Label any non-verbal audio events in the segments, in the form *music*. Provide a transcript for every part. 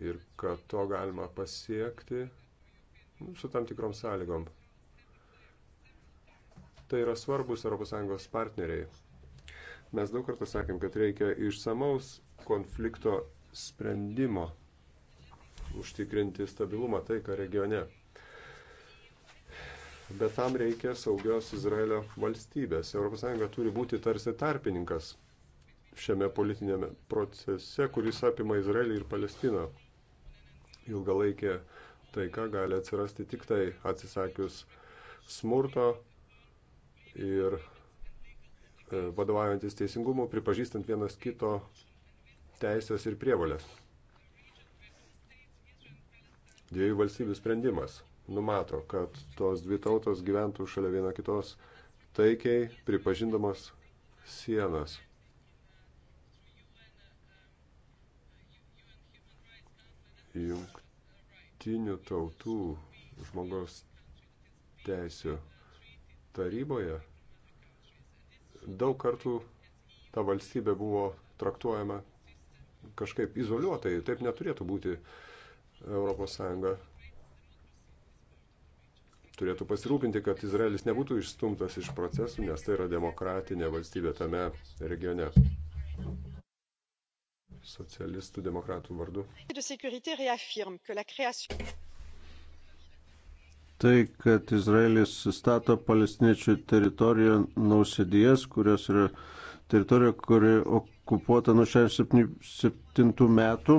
ir kad to galima pasiekti nu, su tam tikrom sąlygom. Tai yra svarbus ES partneriai. Mes daug kartų sakėm, kad reikia išsamaus konflikto sprendimo užtikrinti stabilumą taiką regione. Bet tam reikia saugios Izraelio valstybės. ES turi būti tarsi tarpininkas šiame politinėme procese, kuris apima Izraelį ir Palestiną ilgalaikė taika gali atsirasti tik tai atsisakius smurto ir e, vadovaujantis teisingumu, pripažįstant vienas kito teisės ir prievalės. Dviejų valstybių sprendimas numato, kad tos dvi tautos gyventų šalia viena kitos taikiai, pripažindamos sienas. Jung, jungtinių tautų žmogaus teisų taryboje daug kartų ta valstybė buvo traktuojama kažkaip izoliuotai, taip neturėtų būti ES. Turėtų pasirūpinti, kad Izraelis nebūtų išstumtas iš procesų, nes tai yra demokratinė valstybė tame regione socialistų demokratų vardu. Tai, kad Izraelis stato palestiniečių teritoriją nausėdijas, kurios yra teritorija, kuri okupuota nuo 67 metų,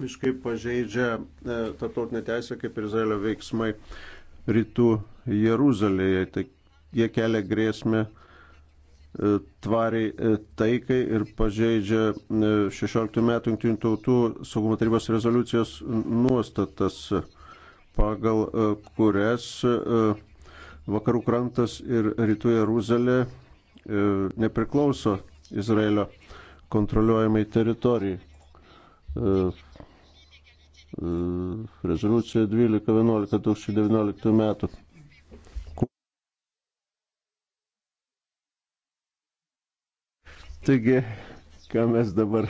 visiškai pažeidžia e, tarptautinę teisę, kaip ir Izraelio veiksmai rytų Jeruzalėje. Tai jie kelia grėsmę E, tvariai e, taikai ir pažeidžia 16 e, metų Junktinių tautų saugumo tarybos rezoliucijos nuostatas, pagal kurias vakarų krantas ir rytų Jeruzalė nepriklauso Izraelio kontroliuojamai teritorijai. Rezoliucija 12.11.2019 metų. Taigi, ką mes dabar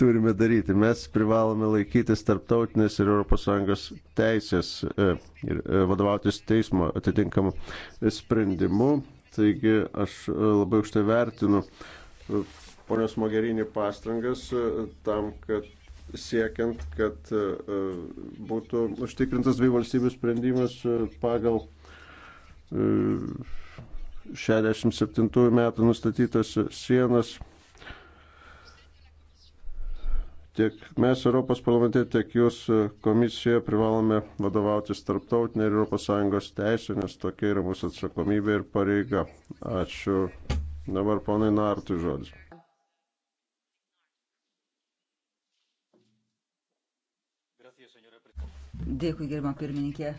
turime daryti? Mes privalome laikytis tarptautinės ir ES teisės e, ir e, vadovautis teismo atitinkamu sprendimu. Taigi, aš e, labai aukštai vertinu ponios Mogerinį pastangas tam, kad siekiant, kad būtų užtikrintas dvi valstybių sprendimas pagal 67 metų nustatytas sienas. Tiek mes Europos parlamente, tiek jūs e, komisijoje privalome vadovautis tarptautinė ir ES teisė, nes tokia yra mūsų atsakomybė ir pareiga. Ačiū. Dabar ponai Nartui žodis. Dėkui, gerbama pirmininkė.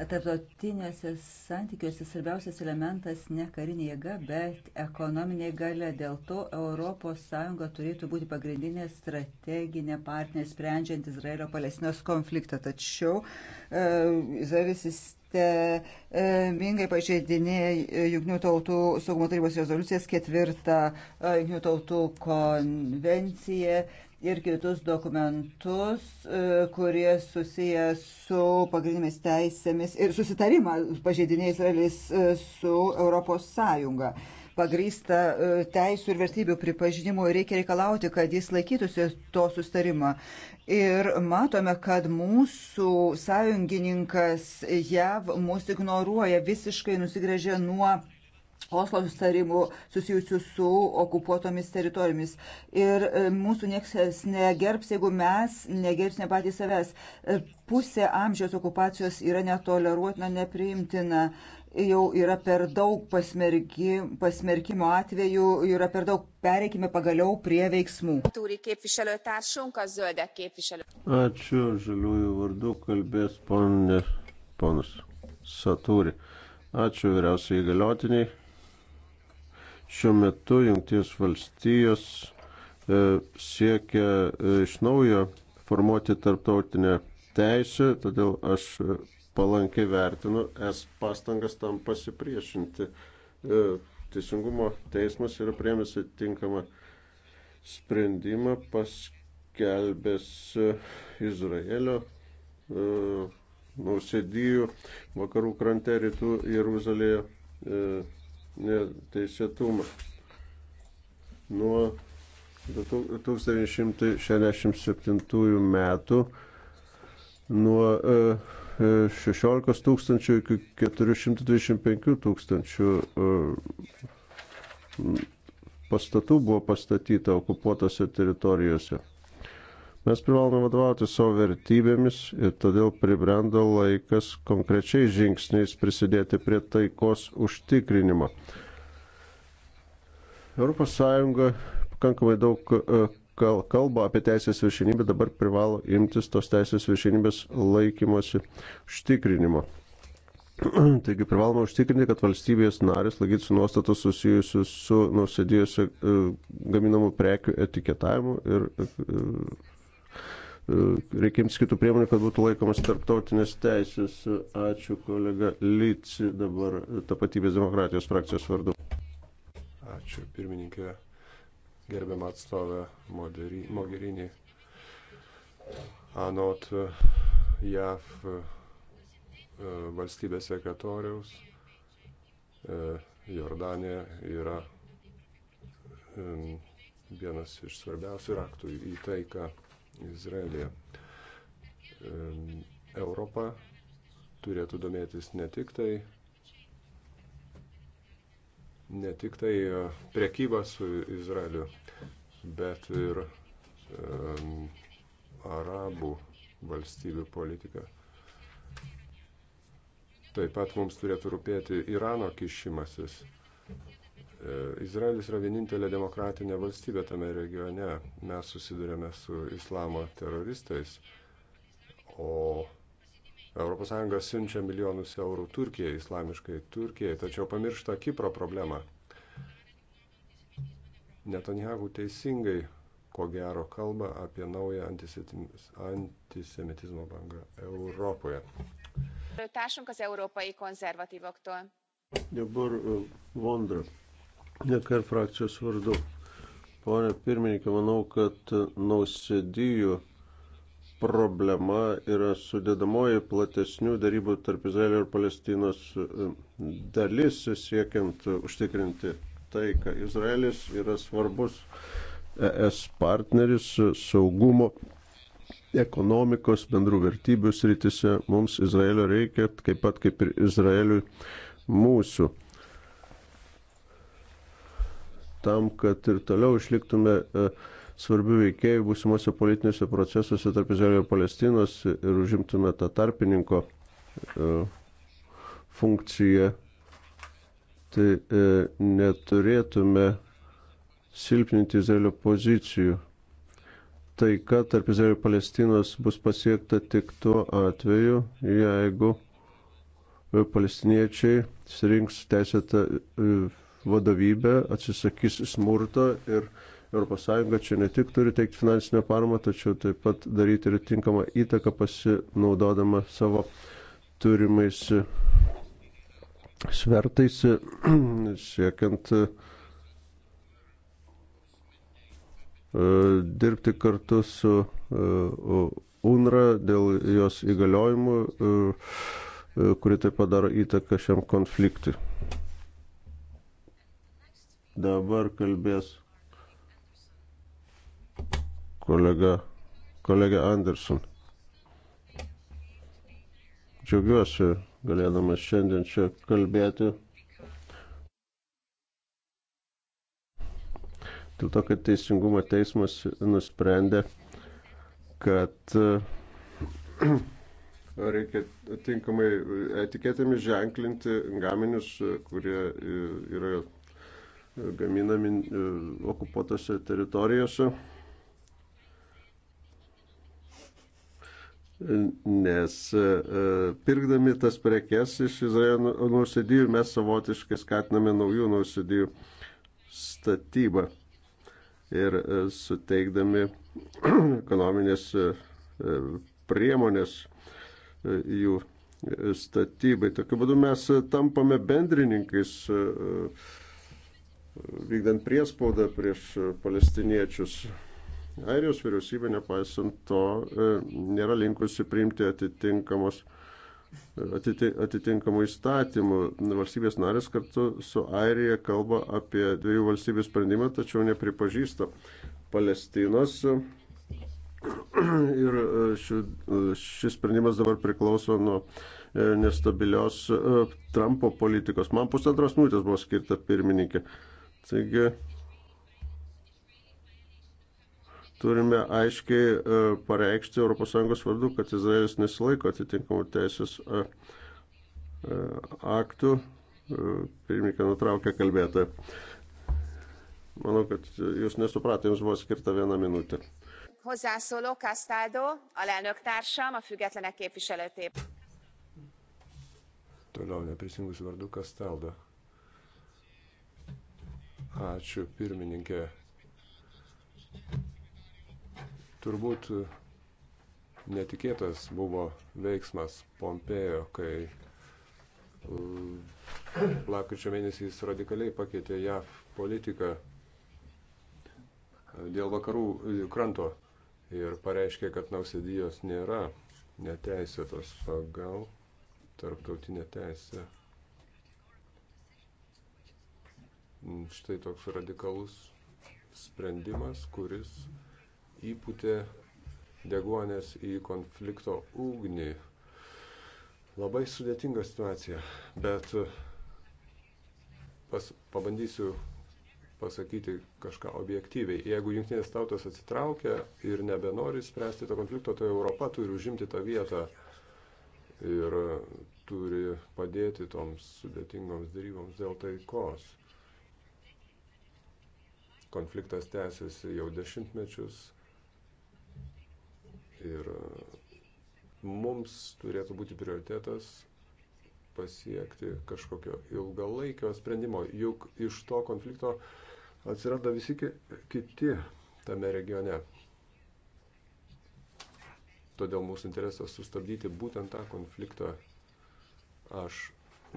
Tarptautinėse santykiuose svarbiausias elementas ne karinė jėga, bet ekonominė gale. Dėl to ES turėtų būti pagrindinė strateginė partnerė sprendžiant Izraelio-Palestinos konfliktą. Tačiau e, Izraelis sistemingai pažeidinėja e, Junktinių tautų saugumo tarybos rezoliucijas, ketvirtą e, Junktinių tautų konvenciją ir kitus dokumentus, e, kurie susiję su pagrindinėmis teisėmis ir susitarimą pažeidinė Izraelis e, su Europos Sąjunga. Pagrįsta e, teisų ir vertybių pripažinimu reikia reikalauti, kad jis laikytųsi to sustarimo. Ir matome, kad mūsų sąjungininkas JAV mūsų ignoruoja, visiškai nusigrėžė nuo Oslo sustarimų susijusių su okupuotomis teritorijomis. Ir e, mūsų niekas negerbs, jeigu mes negerbsime patys savęs. E, pusė amžiaus okupacijos yra netoleruotina, nepriimtina. Jau yra per daug pasmergi, pasmerkimo atvejų, yra per daug. Pereikime pagaliau prie veiksmų. Ačiū, žaliųjų vardu kalbės ponė, ponas Satūri. Ačiū vyriausiai įgaliotiniai Šiuo metu Junktinės valstijos e, siekia e, iš naujo formuoti tarptautinę teisę, todėl aš e, palankiai vertinu es pastangas tam pasipriešinti. Teisingumo teismas yra priemęs atitinkamą sprendimą paskelbęs Izraelio nausėdijų vakarų krante rytų Jeruzalėje neteisėtumą. Nuo 1967 metų nuo 16 e, e, tūkstančių iki 425 tūkstančių e, pastatų buvo pastatyta okupuotose teritorijose. Mes privalome vadovauti savo vertybėmis ir todėl pribrendo laikas konkrečiai žingsniais prisidėti prie taikos užtikrinimo. ES pakankamai daug e, kalba apie teisės viršinybę, dabar privalo imtis tos teisės viršinybės laikymosi užtikrinimo. *clears throat* Taigi privaloma užtikrinti, kad valstybės narės laikytųsi nuostatų susijusių su nusidėjusiu e, gaminamų prekių etiketavimu ir e, E, reikia imtis kitų priemonių, kad būtų laikomas tarptautinės teisės. Ačiū kolega Lyci dabar tapatybės demokratijos frakcijos vardu. Ačiū pirmininkė, gerbiamą atstovę Mogerinį. Anot e, JAV e, valstybės sekretoriaus Jordanija yra vienas iš svarbiausių raktų į taiką. Izraelyje. Europa turėtų domėtis ne tik tai ne tik tai e, prekyba su Izraeliu, bet ir um, arabų valstybių politika. Taip pat mums turėtų rūpėti Irano kišimasis Izraelis yra vienintelė demokratinė valstybė tame regione. Mes susidurėme su islamo teroristais, o ES siunčia milijonus eurų Turkijai, islamiškai Turkijai, tačiau pamiršta Kipro problemą. Netanjahu teisingai, ko gero, kalba apie naują antisemitizmo bangą Europoje. Társunk az európai konzervatívoktól. Dabar Vondra uh, Nekar frakcijos vardu. Pone pirmininkė, manau, kad nausėdijų problema yra sudėdamoji platesnių darybų tarp Izraelio ir Palestinos e, dalis siekiant užtikrinti taiką. Izraelis yra svarbus ES partneris saugumo, ekonomikos, bendrų vertybių sritise. Mums Izraelio reikia taip pat kaip ir Izraeliui mūsų tam, kad ir toliau išliktume e, svarbių veikėjų būsimuose politiniuose procesuose tarp Izraelio ir Palestinos ir užimtume tą tarpininko e, funkciją, tai e, neturėtume silpninti Izraelio pozicijų. Taika tarp Izraelio ir Palestinos bus pasiekta tik tuo atveju, jeigu palestiniečiai surinks teisėtą vadovybė atsisakys smurto ir ES čia ne tik turi teikti finansinę paramą, tačiau taip pat daryti ir tinkamą įtaką pasinaudodama savo turimais svertais *clears throat* siekiant e, dirbti kartu su e, UNRA dėl jos įgaliojimų, e, kuri taip pat daro įtaką šiam konfliktui. Dabar kalbės kolega, kolega Anderson. Džiaugiuosi galėdamas šiandien čia kalbėti. Dėl to, kad Teisingumo teismas nusprendė, kad *clears throat* reikia tinkamai etiketėmis ženklinti gaminius, kurie e, yra gaminami e, okupuotose teritorijose. Nes e, e, pirkdami tas prekes iš Izraelio nusidijų mes savotiškai skatiname naujų nusidijų statybą ir suteikdami *clears throat* ekonominės priemonės jų statybai. Tokiu būdu mes tampame bendrininkais vykdant priespaudą prieš palestiniečius. Airijos vyriausybė, nepaisant to, e, nėra linkusi priimti atitinkamos e, atitinkamų įstatymų. Valstybės narės kartu su Airija kalba apie dviejų valstybių sprendimą, tačiau nepripažįsta Palestinos. Ir e, šis sprendimas dabar priklauso nuo nestabilios Trumpo politikos. Man pusantros minutės buvo skirta pirmininkė. Taigi turime aiškiai e, pareikšti ES vardu, kad Izraelis nesilaiko atitinkamų teisės e, e, aktų. Pirmininkai nutraukė kalbėtoją. Manau, kad jūs nesupratė, jums buvo skirta viena minutė. Hozzászóló Castaldo, alelnök társam, a függetlenek képviselőtép. Toliau neprisijungus vardu Castaldo. Ačiū, pirmininkė. Turbūt netikėtas buvo veiksmas Pompėjo, kai lapkričio mėnesį jis radikaliai pakeitė JAV politiką dėl vakarų kranto ir pareiškė, kad nausėdijos nėra neteisėtos pagal tarptautinę teisę. Mm, štai toks radikalus sprendimas, kuris įputė deguonės į konflikto ugnį. Labai sudėtinga situacija, bet uh, pas, pabandysiu pasakyti kažką objektyviai. Jeigu jungtinės tautos atsitraukia ir nebenori spręsti to konflikto, tai Europa turi užimti tą vietą ir uh, turi padėti toms sudėtingoms daryboms dėl taikos. Konfliktas tęsiasi jau dešimtmečius ir e, mums turėtų būti prioritetas pasiekti kažkokio ilgalaikio sprendimo, juk iš to konflikto atsiranda visi kiti tame regione. Todėl mūsų interesas sustabdyti būtent tą konfliktą. Aš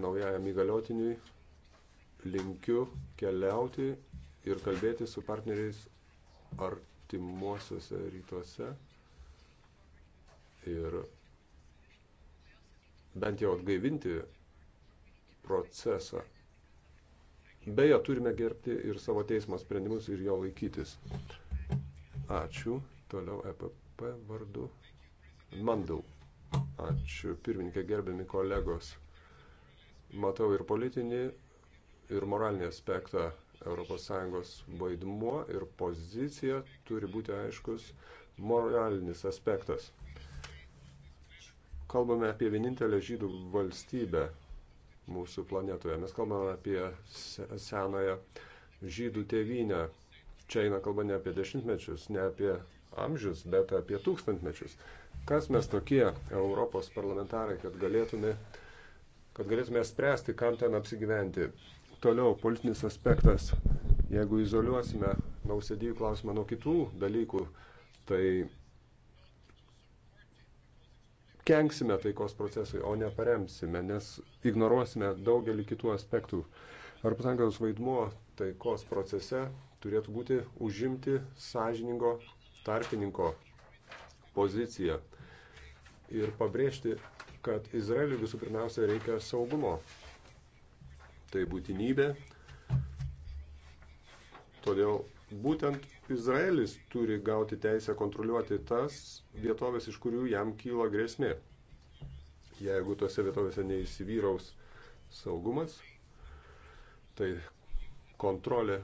naujajam įgaliotiniui linkiu keliauti ir kalbėti su partneriais artimuosiuose rytuose. Ir bent jau atgaivinti procesą. Beje, turime gerbti ir savo teismo sprendimus ir jo laikytis. Ačiū. Toliau EPP vardu. Mandau. Ačiū. Pirmininkė, gerbiami kolegos. Matau ir politinį, ir moralinį aspektą ES vaidmuo ir pozicija turi būti aiškus moralinis aspektas. Kalbame apie vienintelę žydų valstybę mūsų planetoje. Mes kalbame apie senąją žydų tėvynę. Čia eina kalba ne apie dešimtmečius, ne apie amžius, bet apie tūkstantmečius. Kas mes tokie Europos parlamentarai, kad galėtume, kad galėtume spręsti, kam ten apsigyventi. Toliau politinis aspektas. Jeigu izoliuosime nausėdijų klausimą nuo kitų dalykų, tai kenksime taikos procesui, o ne paremsime, nes ignoruosime daugelį kitų aspektų. Ar pasankaus vaidmuo taikos procese turėtų būti užimti sąžiningo tarpininko poziciją ir pabrėžti, kad Izraeliui visų pirmiausia reikia saugumo tai būtinybė. Todėl būtent Izraelis turi gauti teisę kontroliuoti tas vietovės, iš kurių jam kyla grėsmė. Jeigu tose vietovėse neįsivyraus saugumas, tai kontrolė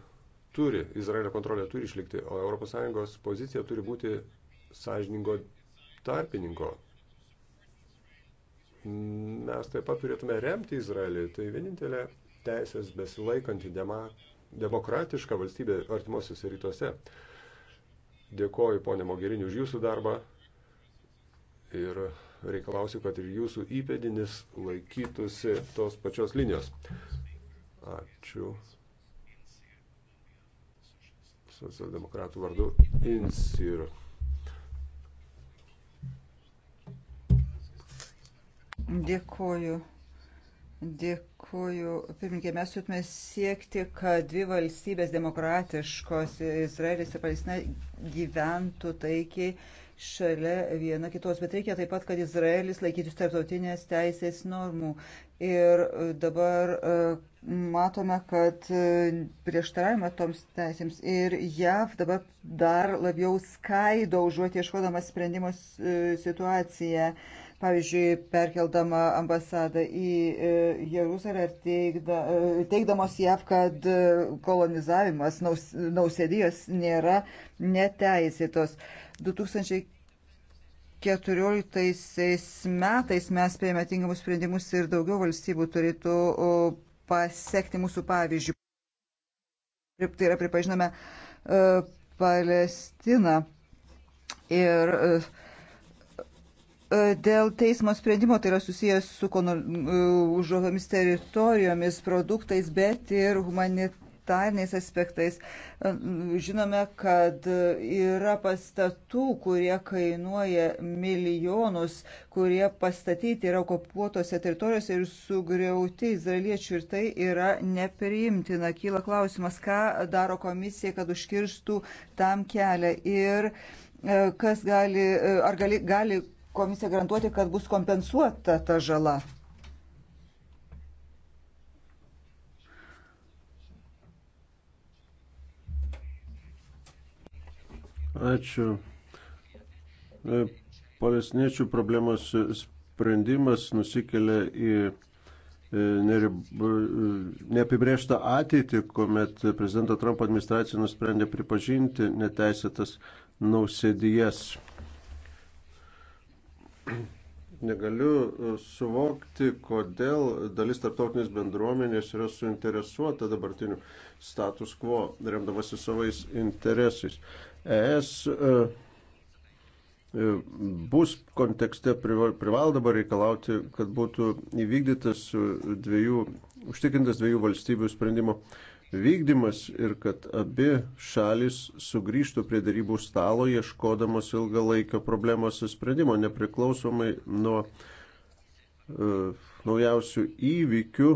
turi, Izraelio kontrolė turi išlikti, o ES pozicija turi būti sąžiningo tarpininko. Mes taip pat turėtume remti Izraelį, tai vienintelė teisės besilaikanti dema, demokratiška valstybė artimuosiuose rytuose. Dėkoju, ponė Mogerini, už jūsų darbą ir reikalausiu, kad ir jūsų įpėdinis laikytųsi tos pačios linijos. Ačiū. Socialdemokratų vardu Insir. Dėkoju. Dėkuoju. Pirmininkė, mes turėtume siekti, kad dvi valstybės demokratiškos, Izraelis ir Palestina, gyventų taikiai šalia viena kitos. Bet reikia taip pat, kad Izraelis laikytųsi tarptautinės teisės normų. Ir dabar e, matome, kad e, prieštaravimą toms teisėms ir JAV dabar dar labiau skaido užuot ieškodamas sprendimus e, situaciją pavyzdžiui, perkeldama ambasadą į e, Jeruzalę ir teikda, e, teikdamos JAV, kad e, kolonizavimas naus, nausėdijos nėra neteisėtos. 2014 metais mes prieėmė tinkamus sprendimus ir daugiau valstybių turėtų pasiekti mūsų pavyzdžių. Tai yra pripažinome Palestiną. Ir uh, E, dėl teismo sprendimo tai yra susijęs su e, užuotomis teritorijomis, produktais, bet ir humanitariniais aspektais. E, žinome, kad yra pastatų, kurie kainuoja milijonus, kurie pastatyti yra okupuotose teritorijose ir sugriauti izraeliečių ir tai yra nepriimtina. Kyla klausimas, ką daro komisija, kad užkirstų tam kelią ir kas gali, ar gali, gali komisija garantuoti, kad bus kompensuota ta žala? Ačiū. E, palestiniečių problemos sprendimas nusikelia į e, neapibrėžtą ateitį, kuomet prezidento Trumpo administracija nusprendė pripažinti neteisėtas nausėdijas negaliu e, suvokti, kodėl dalis tarptautinės bendruomenės yra suinteresuota dabartiniu status quo, remdamasi savais interesais. ES e, e, bus kontekste privalo dabar reikalauti, kad būtų įvykdytas dviejų, užtikrintas dviejų valstybių sprendimo vykdymas ir kad abi šalis sugrįžtų prie darybų stalo, ieškodamos ilgalaikio problemos sprendimo, nepriklausomai nuo e, naujausių įvykių.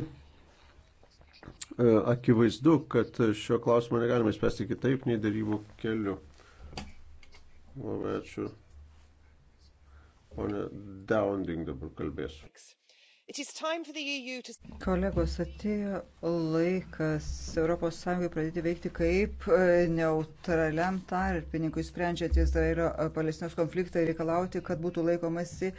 E, akivaizdu, kad šio klausimo negalime spręsti kitaip nei darybų keliu. Labai ačiū. Pone Downing dabar kalbėsiu. E Kolegos, atėjo laikas ES pradėti veikti kaip e, neutraliam tarpininkui sprendžiant Izraelio e, palestinos konfliktą ir reikalauti, kad būtų laikomasi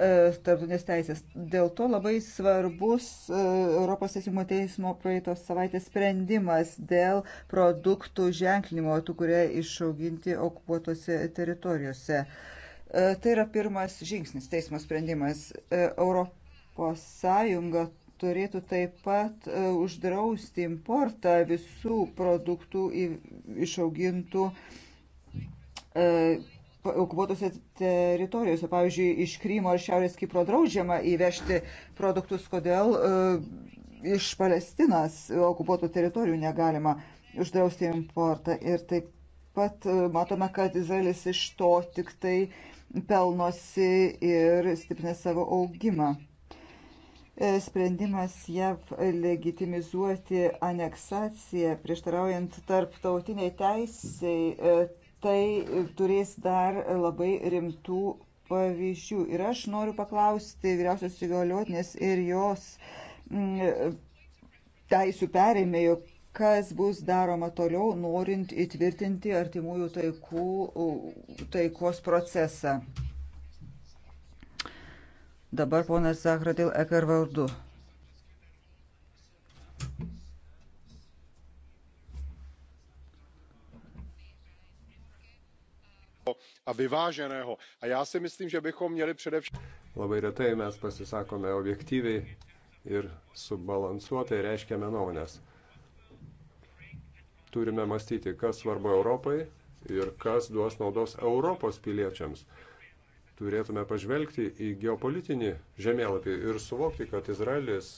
tarptautinės teisės. Dėl to labai svarbus Europos Teisingumo teismo praeitos savaitės sprendimas dėl produktų ženklinimo, tų, kurie išauginti okupuotose teritorijose. Tai yra pirmas žingsnis, teismo sprendimas. Europa Europos Sąjunga turėtų taip pat e, uždrausti importą visų produktų išaugintų e, okupuotose teritorijose. Pavyzdžiui, iš Krymo ar Šiaurės Kipro draudžiama įvežti produktus, kodėl e, iš Palestinos okupuotų teritorijų negalima uždrausti importą. Ir taip pat matome, kad Izraelis iš to tik tai pelnosi ir stiprina savo augimą. E, sprendimas JAV legitimizuoti aneksaciją, prieštaraujant tarptautiniai teisiai, e, tai turės dar labai rimtų pavyzdžių. Ir aš noriu paklausti vyriausios įgaliotinės ir jos m, mm, teisų perėmėjo, kas bus daroma toliau, norint įtvirtinti artimųjų taikų, taikos procesą. Dabar ponas Zahra dėl Ekar vardu. a vyváženého. A já si myslím, že bychom měli především. Labai retai mes pasisakome objektyviai ir subalansuotai reiškiame nuomonės. Turime mąstyti, kas svarbu Europai ir kas duos naudos Europos piliečiams turėtume pažvelgti į geopolitinį žemėlapį ir suvokti, kad Izraelis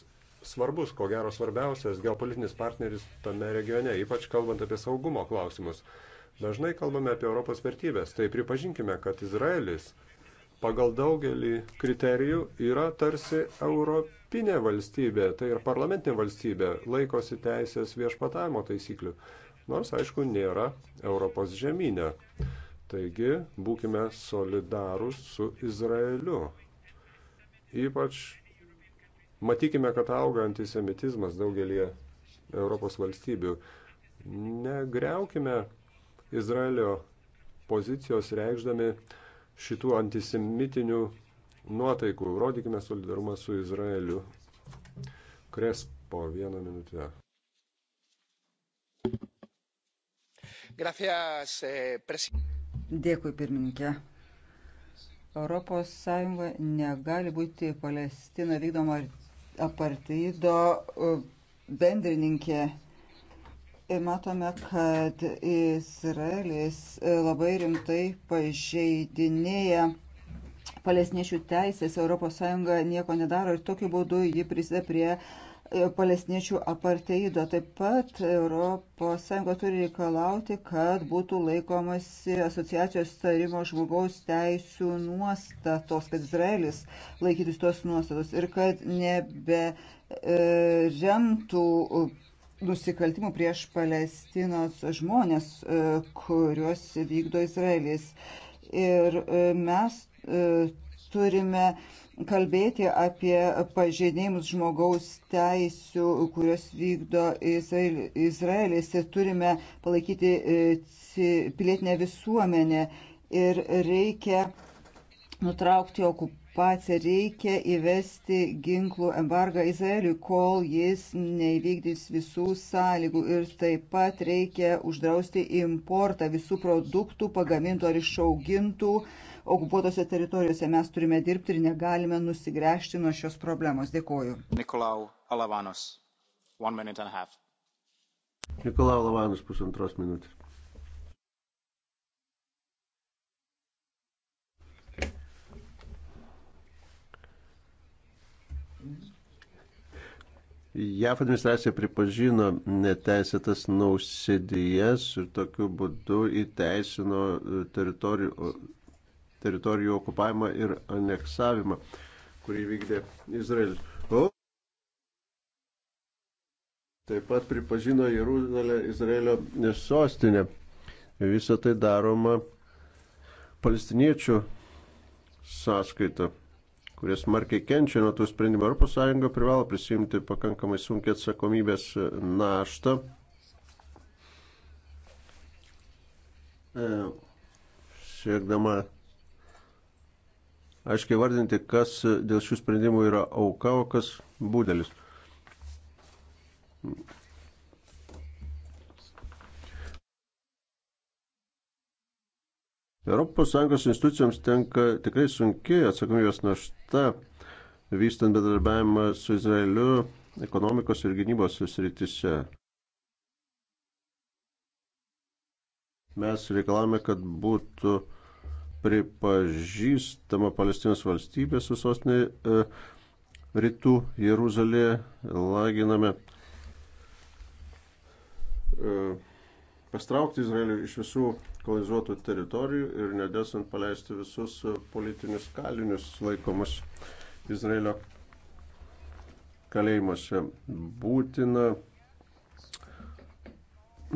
svarbus, ko gero svarbiausias geopolitinis partneris tame regione, ypač kalbant apie saugumo klausimus. Dažnai kalbame apie Europos vertybės, tai pripažinkime, kad Izraelis pagal daugelį kriterijų yra tarsi europinė valstybė, tai ir parlamentinė valstybė, laikosi teisės viešpatavimo taisyklių, nors aišku nėra Europos žemynė. Taigi būkime solidarūs su Izraeliu. Ypač matykime, kad auga antisemitizmas daugelie Europos valstybių. Negreukime Izraelio pozicijos reikšdami šitų antisemitinių nuotaikų. Rodykime solidarumą su Izraeliu. Krespo vieną minutę. Gracias, eh, presidente. Dėkui, pirmininkė. Europos Sąjunga negali būti Palestino vykdomo aparteido bendrininkė. Ir matome, kad Izraelis e, labai rimtai pažeidinėja palestiniečių teisės, Europos Sąjunga nieko nedaro ir tokiu būdu ji prisideda prie uh, palestiniečių aparteido. Taip pat ES turi reikalauti, kad būtų laikomasi asociacijos tarimo žmogaus teisų nuostatos, kad Izraelis laikytųsi tos nuostatos ir kad nebe remtų e, nusikaltimų prieš Palestinos žmonės, e, kuriuos vykdo Izraelis. Ir e, mes turime kalbėti apie pažeidimus žmogaus teisių, kurios vykdo Izraelis ir turime palaikyti e, pilietinę visuomenę ir reikia nutraukti okupaciją, reikia įvesti ginklų embargą Izraeliui, kol jis neįvykdys visų sąlygų ir taip pat reikia uždrausti importą visų produktų pagamintų ar išaugintų uh, okupuotose teritorijose. Mes turime dirbti ir negalime nusigręžti nuo šios problemos. Dėkoju. Nikolau Alavanos. One minute and a half. Nikolau Alavanos pusantros minutės. JAF administracija pripažino neteisėtas nausėdijas ir tokiu būdu įteisino teritorijų teritorijų okupavimą ir aneksavimą, kurį vykdė Izraelis. Taip pat pripažino Jeruzalę Izraelio sostinę. Visą tai daroma palestiniečių sąskaita, kurie smarkiai kenčia nuo tų sprendimų. ES privalo prisimti pakankamai sunkia atsakomybės naštą. E, siekdama aiškiai vardinti, kas dėl šių sprendimų yra auka, o kas būdelis. ES institucijoms tenka tikrai sunki atsakomybės našta, vystant bedarbiavimą su Izraeliu ekonomikos ir gynybos srityse. Mes reikalavome, kad būtų uh, pripažįstama Palestinos valstybė su sostinė e, rytų Jeruzalėje. Laginame e, pastraukti Izraelį iš visų kolonizuotų teritorijų ir nedėsant paleisti visus politinius kalinius laikomus Izraelio kalėjimuose. Būtina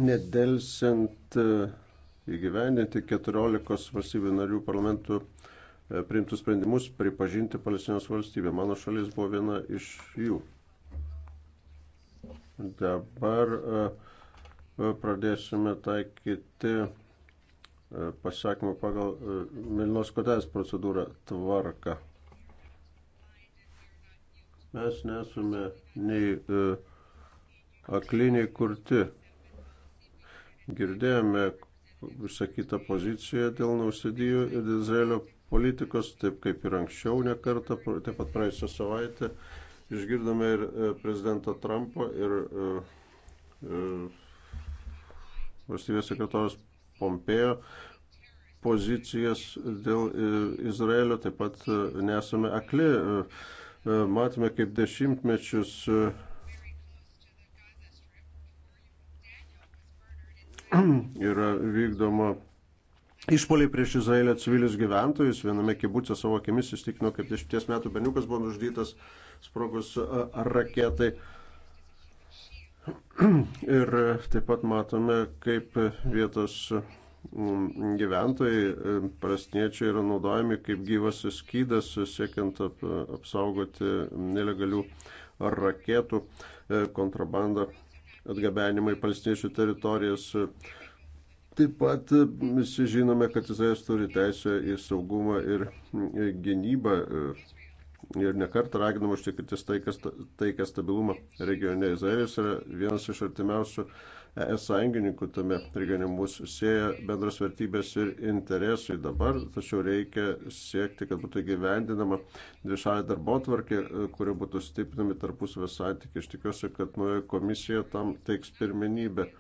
nedelsiant e, įgyvendinti 14 valstybių narių parlamentų e, priimtų sprendimus pripažinti Palestinos valstybę. Mano šalis buvo viena iš jų. Dabar e, e, pradėsime taikyti pasakymą pagal Milnos kodės procedūrą tvarką. Mes nesame nei akliniai kurti. Girdėjome išsakytą poziciją dėl nausėdijų ir Izraelio politikos, taip kaip ir anksčiau nekartą, taip pat praėjusią savaitę išgirdome ir e, prezidento Trumpo ir, ir e, e, valstybės sekretorius Pompėjo pozicijas dėl Izraelio, taip pat nesame akli. Matome, kaip dešimtmečius *clears throat* yra vykdoma išpoliai prieš Izraelio civilius gyventojus. Viename kibuce savo akimis įstikino, kaip 10 metų berniukas buvo nužudytas sprogus raketai. *clears throat* Ir taip pat matome, kaip vietos gyventojai, e, prasniečiai yra naudojami kaip gyvas skydas, siekiant ap, apsaugoti nelegalių raketų e, kontrabandą atgabenimą į palestiniečių teritorijas. Taip pat visi žinome, kad Izraelis turi teisę į saugumą ir gynybą ir nekart raginama užtikrinti taiką stabilumą regione. Izraelis yra vienas iš artimiausių ES sąjungininkų tame regione mūsų sieja bendros vertybės ir interesai dabar, tačiau reikia siekti, kad būtų gyvendinama dvišalė darbo tvarkė, kuri būtų stiprinami tarpusavės santykiai. Aš tikiuosi, kad nuoja komisija tam teiks pirmenybę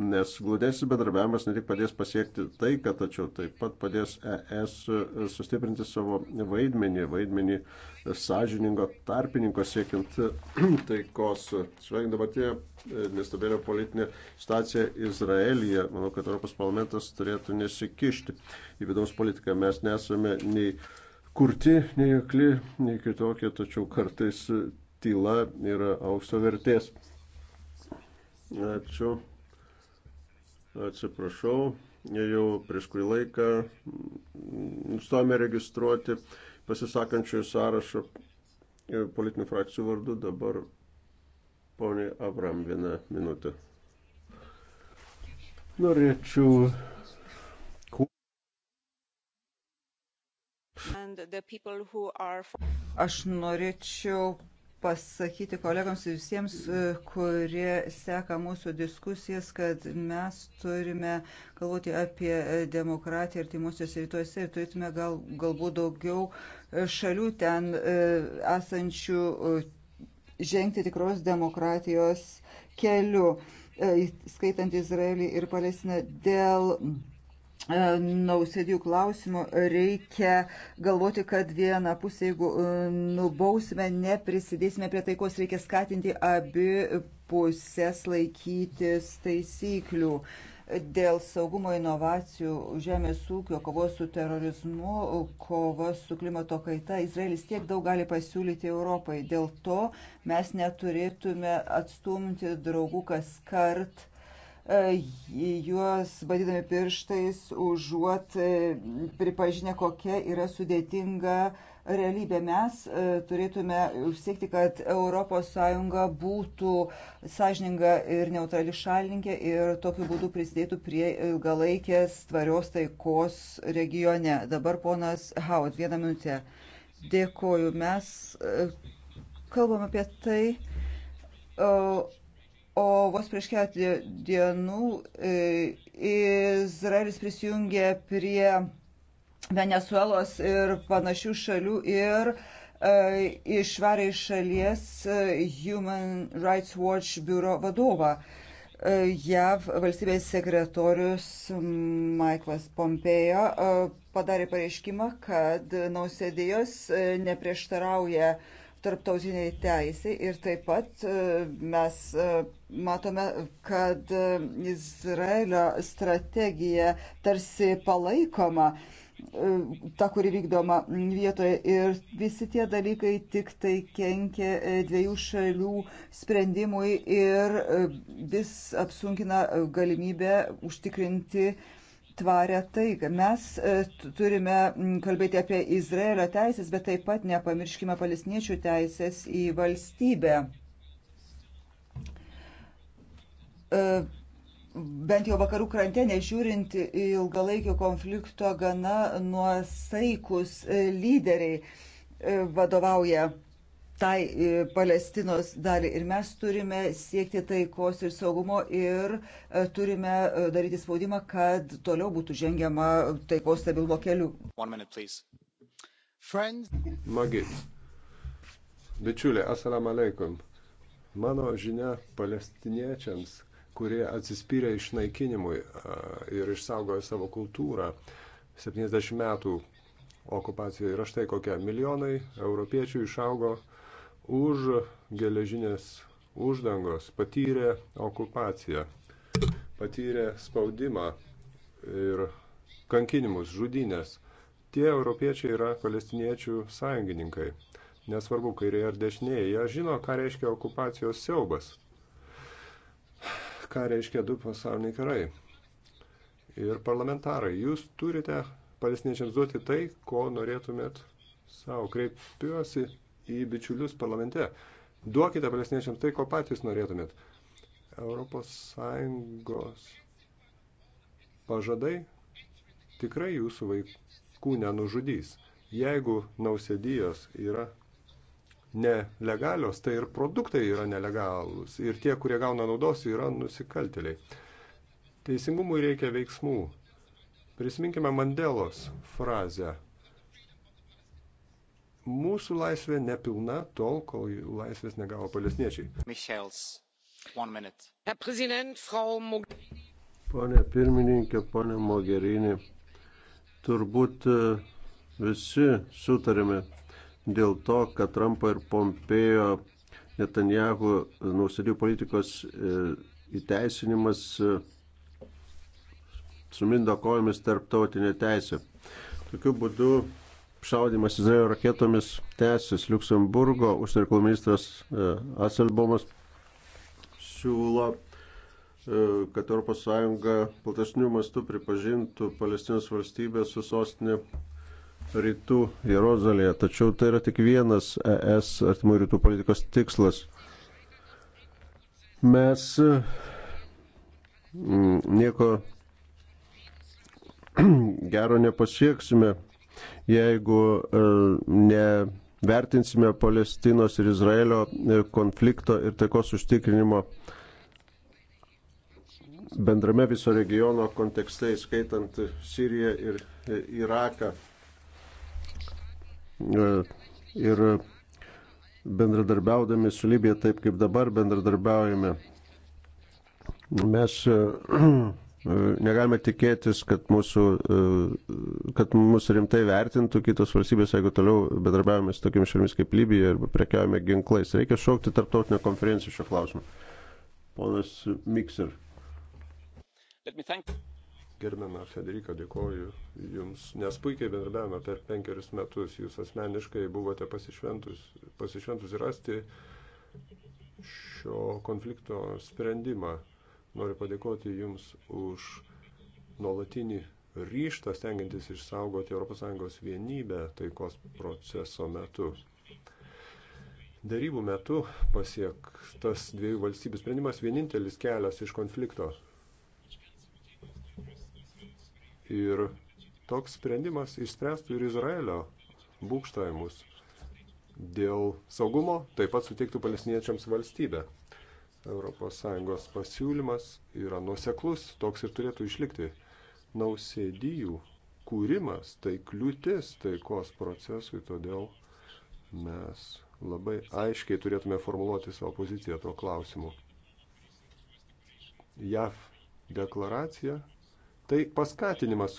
nes glūdėsis bendrabiavimas ne tik padės pasiekti taiką, tačiau taip pat padės ES sustiprinti savo vaidmenį, vaidmenį sąžiningo tarpininko siekiant *clears throat* taikos. Žvelgiant dabartinę e, nestabilią politinę situaciją Izraelyje, manau, kad Europos parlamentas turėtų nesikišti į vidaus politiką. Mes nesame nei kurti, nei akli, nei kitokie, tačiau kartais tyla yra aukso vertės. Ačiū. Atsiprašau, jau prieš kurį laiką nustojame registruoti pasisakančiųjų sąrašą politinių frakcijų vardu. Dabar poniai Abram vieną minutę. Norėčiau Aš norėčiau pasakyti kolegams ir visiems, e, kurie seka mūsų diskusijas, kad mes turime galvoti apie e, demokratiją artimuosiuose rytuose ir turėtume gal, galbūt daugiau e, šalių ten esančių žengti tikros demokratijos keliu, skaitant Izraelį ir Palestiną dėl E, nausėdijų klausimų reikia galvoti, kad vieną pusę, jeigu e, nubausime, neprisidėsime prie taikos, reikia skatinti abi pusės laikytis taisyklių. Dėl saugumo inovacijų, žemės ūkio, kovos su terorizmu, kovos su klimato kaita, Izraelis tiek daug gali pasiūlyti Europai. Dėl to mes neturėtume atstumti draugų kas kart E, juos badydami pirštais, užuot e, pripažinę, kokia yra sudėtinga realybė. Mes e, turėtume užsiekti, kad ES būtų sąžininga ir neutrali šalininkė ir tokiu būdu prisidėtų prie ilgalaikės tvarios taikos regione. Dabar ponas Haut, vieną minutę. Dėkoju. Mes kalbam apie tai. Uh, O vos prieš keletą dienų e, Izraelis prisijungė prie Venezuelos ir panašių šalių ir e, išvarė iš šalies e, Human Rights Watch biuro vadovą. JAV valstybės sekretorius Michaelas Pompejo padarė pareiškimą, kad nausėdėjos neprieštarauja uh, tarptautiniai teisai ir taip pat e, mes e, matome, kad e, Izraelio strategija tarsi palaikoma ta, kuri vykdoma vietoje ir visi tie dalykai tik tai kenkia dviejų šalių sprendimui ir vis apsunkina galimybę užtikrinti uh, tvarę taigą. Mes e, turime kalbėti apie Izraelio teisės, bet taip pat nepamirškime palestiniečių teisės į valstybę. E, bent jau vakarų krante, nežiūrint ilgalaikio konflikto, gana nuosaikus e, lyderiai vadovauja tai e, Palestinos dalį. Ir mes turime siekti taikos ir saugumo ir e, turime e, daryti spaudimą, kad toliau būtų žengiama taikos stabilumo keliu. Magi. Bičiulė, assalamu alaikum. Mano žinia palestiniečiams, kurie atsispyrė išnaikinimui ir išsaugojo savo kultūrą 70 metų okupacijoje. Ir štai kokia milijonai europiečių išaugo už geležinės uždangos patyrė okupaciją, patyrė spaudimą ir kankinimus, žudynės. Tie europiečiai yra palestiniečių sąjungininkai. Nesvarbu, kairėje ar dešinėje, jie žino, ką reiškia okupacijos siaubas, ką reiškia du pasauliniai karai. Ir parlamentarai, jūs turite palestiniečiams duoti tai, ko norėtumėt savo. Kreipiuosi į bičiulius parlamente. Duokite palestiniečiams tai, ko patys norėtumėt. ES pažadai tikrai jūsų vaikų nenužudys. Jeigu nausėdijos yra nelegalios, tai ir produktai yra nelegalūs. Ir tie, kurie gauna naudos, yra nusikaltėliai. Teisingumui reikia veiksmų. Prisiminkime Mandelos frazę Mūsų laisvė nepilna tol, kol laisvės negavo palestiniečiai. Michels, one minute. Herr Präsident, Frau Mogherini. Pone pirmininkė, pone Mogherini, turbūt e, visi sutarėme dėl to, kad Trumpo ir Pompėjo Netanjahu nausėdijų politikos e, įteisinimas e, sumindo kojomis tarptautinė teisė. Tokiu būdu šaudimas Izraelio raketomis tęsis. Luksemburgo užsienio reikalų ministras e, Aselbomas siūlo e, kad ES platesnių mastų pripažintų Palestinos valstybę su sostinė rytų Jerozalėje. Tačiau tai yra tik vienas ES artimų rytų politikos tikslas. Mes e, nieko *clears throat* gero nepasieksime jeigu e, nevertinsime Palestinos ir Izraelio e, konflikto ir taikos užtikrinimo bendrame viso regiono kontekste, įskaitant Siriją ir e, Iraką. Ir bendradarbiaudami su Libija taip kaip dabar bendradarbiaujame, mes *clears throat* Negalime tikėtis, kad mūsų, e, kad mūsų rimtai vertintų kitos valstybės, jeigu toliau bedarbiavame su tokiamis šalimis kaip Libija arba prekiavame ginklais. Reikia šaukti tarptautinę konferenciją šio klausimu. Ponas Mikser. Gerbiamą Federiką, dėkoju Jums, nes puikiai bendrabiavome per penkerius metus. Jūs asmeniškai buvote pasišventus, pasišventus rasti šio konflikto sprendimą. Noriu padėkoti Jums už nuolatinį ryštą stengiantis išsaugoti ES vienybę taikos proceso metu. Darybų metu pasiektas dviejų valstybių sprendimas vienintelis kelias iš konflikto. Ir toks sprendimas išspręstų ir Izraelio būkštavimus dėl saugumo, taip pat suteiktų palestiniečiams valstybę. ES pasiūlymas yra nuoseklus, toks ir turėtų išlikti. Nausėdijų kūrimas tai kliūtis taikos procesui, todėl mes labai aiškiai turėtume formuluoti savo poziciją tuo klausimu. JAV deklaracija tai paskatinimas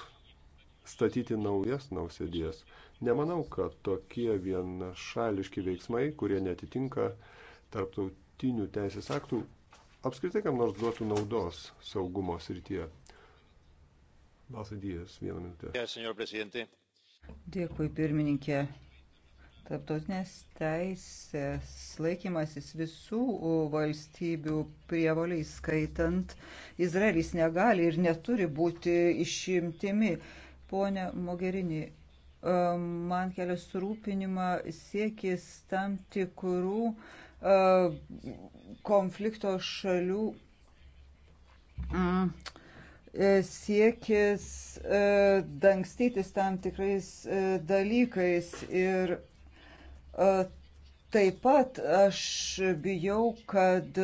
statyti naujas nausėdijas. Nemanau, kad tokie vienašališki veiksmai, kurie netitinka tarptautinių dabartinių teisės aktų apskritai kam nors duotų naudos saugumo srityje. Balsadijas, vieną minutę. Dėkui, pirmininkė. Tarptautinės teisės laikymasis visų valstybių prievoliai skaitant, Izraelis negali ir neturi būti išimtimi. Pone Mogerini, man kelia surūpinimą siekis tam tikrų uh, E, konflikto šalių mm, e, siekis e, dangstytis tam tikrais dalykais ir Taip pat aš bijau, kad